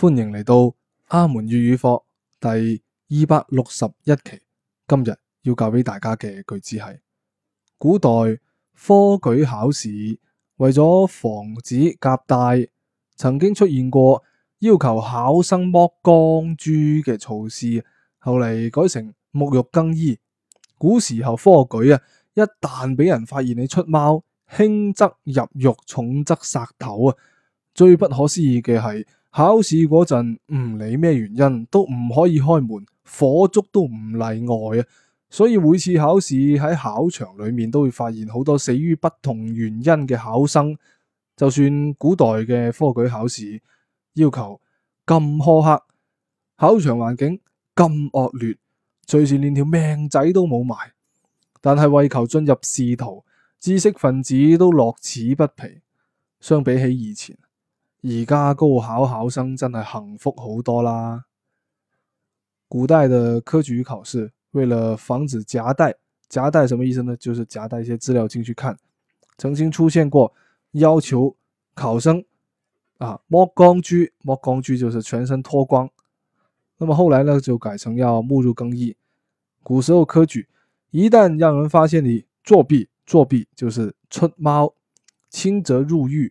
歡迎嚟到阿門粵語課第二百六十一期。今日要教俾大家嘅句子係：古代科舉考試為咗防止夾帶，曾經出現過要求考生剝光豬嘅措施，後嚟改成沐浴更衣。古時候科舉啊，一旦俾人發現你出貓，輕則入獄，重則殺頭啊！最不可思議嘅係。考試嗰陣唔理咩原因都唔可以開門，火燭都唔例外啊！所以每次考試喺考場裏面都會發現好多死於不同原因嘅考生。就算古代嘅科舉考試要求咁苛刻，考場環境咁惡劣，隨時連條命仔都冇埋，但係為求進入仕途，知識分子都樂此不疲。相比起以前。而家高考考生真係幸福好多啦！古代的科舉考試，為了防止夾帶，夾帶什麼意思呢？就是夾帶一些資料進去看。曾經出現過要求考生啊剝光豬，剝光豬就是全身脫光。那麼後來呢，就改成要沐浴更衣。古時候科舉，一旦讓人發現你作弊，作弊就是出貓，輕則入獄。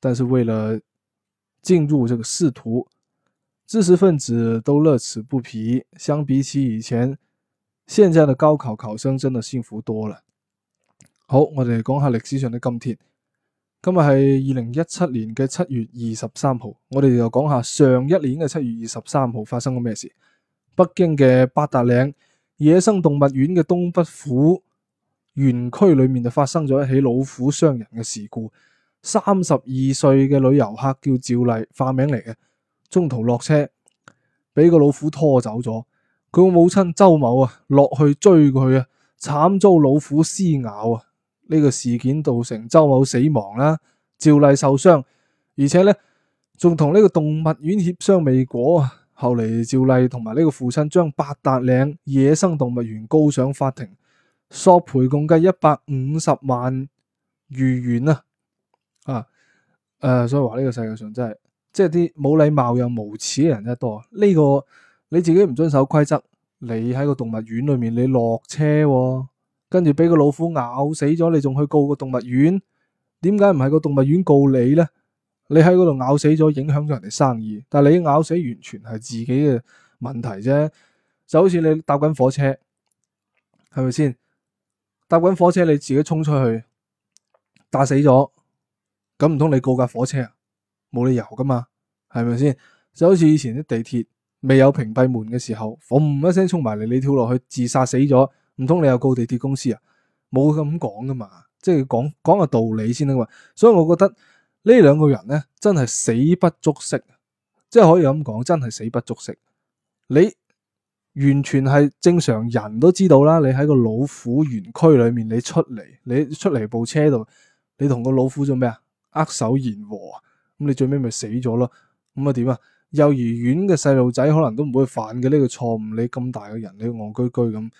但是為了進入這個仕途，知識分子都樂此不疲。相比起以前，現在的高考考生真的幸福多了。好，我哋講下歷史上的今天。今日係二零一七年嘅七月二十三號，我哋就講下上一年嘅七月二十三號發生咗咩事。北京嘅八達嶺野生動物園嘅東北虎園區裏面就發生咗一起老虎傷人嘅事故。三十二歲嘅女遊客叫趙麗，化名嚟嘅，中途落車，俾個老虎拖走咗。佢個母親周某啊，落去追佢啊，慘遭老虎撕咬啊！呢個事件造成周某死亡啦、啊，趙麗受傷，而且呢，仲同呢個動物園協商未果啊。後嚟趙麗同埋呢個父親將八達嶺野生動物園告上法庭，索賠共計一百五十萬餘元啊！啊，誒、呃，所以話呢個世界上真係，即係啲冇禮貌又無恥嘅人一多。呢、這個你自己唔遵守規則，你喺個動物園裏面，你落車、哦，跟住俾個老虎咬死咗，你仲去告個動物園？點解唔係個動物園告你呢？你喺嗰度咬死咗，影響咗人哋生意，但係你咬死完全係自己嘅問題啫。就好似你搭緊火車，係咪先？搭緊火車你自己衝出去，打死咗。咁唔通你告架火車啊？冇理由噶嘛，係咪先？就好似以前啲地鐵未有屏蔽門嘅時候，轟一聲衝埋嚟，你跳落去自殺死咗，唔通你又告地鐵公司啊？冇咁講噶嘛，即係講講個道理先得嘛。所以我覺得呢兩個人咧，真係死不足惜，即係可以咁講，真係死不足惜。你完全係正常人都知道啦，你喺個老虎園區裏面，你出嚟，你出嚟部車度，你同個老虎做咩啊？握手言和，咁你最尾咪死咗咯？咁啊點啊？幼兒園嘅細路仔可能都唔會犯嘅呢個錯誤，你咁大嘅人，你戇居居咁，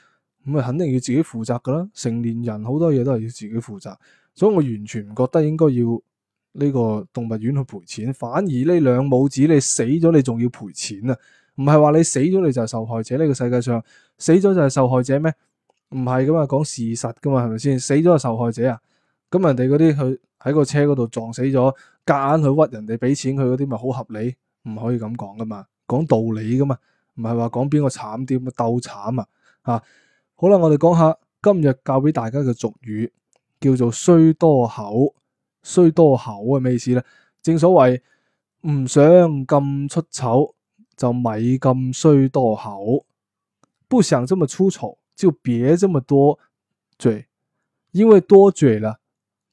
咁啊肯定要自己負責噶啦。成年人好多嘢都係要自己負責，所以我完全唔覺得應該要呢個動物園去賠錢，反而呢兩母子你死咗，你仲要賠錢啊？唔係話你死咗你就係受害者，呢個世界上死咗就係受害者咩？唔係噶嘛，講事實噶嘛，係咪先？死咗係受害者啊！咁人哋嗰啲佢喺個車嗰度撞死咗，夾硬去屈人哋俾錢佢嗰啲咪好合理？唔可以咁講噶嘛，講道理噶嘛，唔係話講邊個慘啲咁鬥慘啊吓、啊！好啦，我哋講下今日教俾大家嘅俗語，叫做衰多口，衰多口係咩意思咧？正所謂唔想咁出醜，就咪咁衰多口。不想這麼出醜，就別這麼多嘴，因為多嘴了。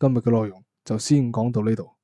今日嘅內容就先講到呢度。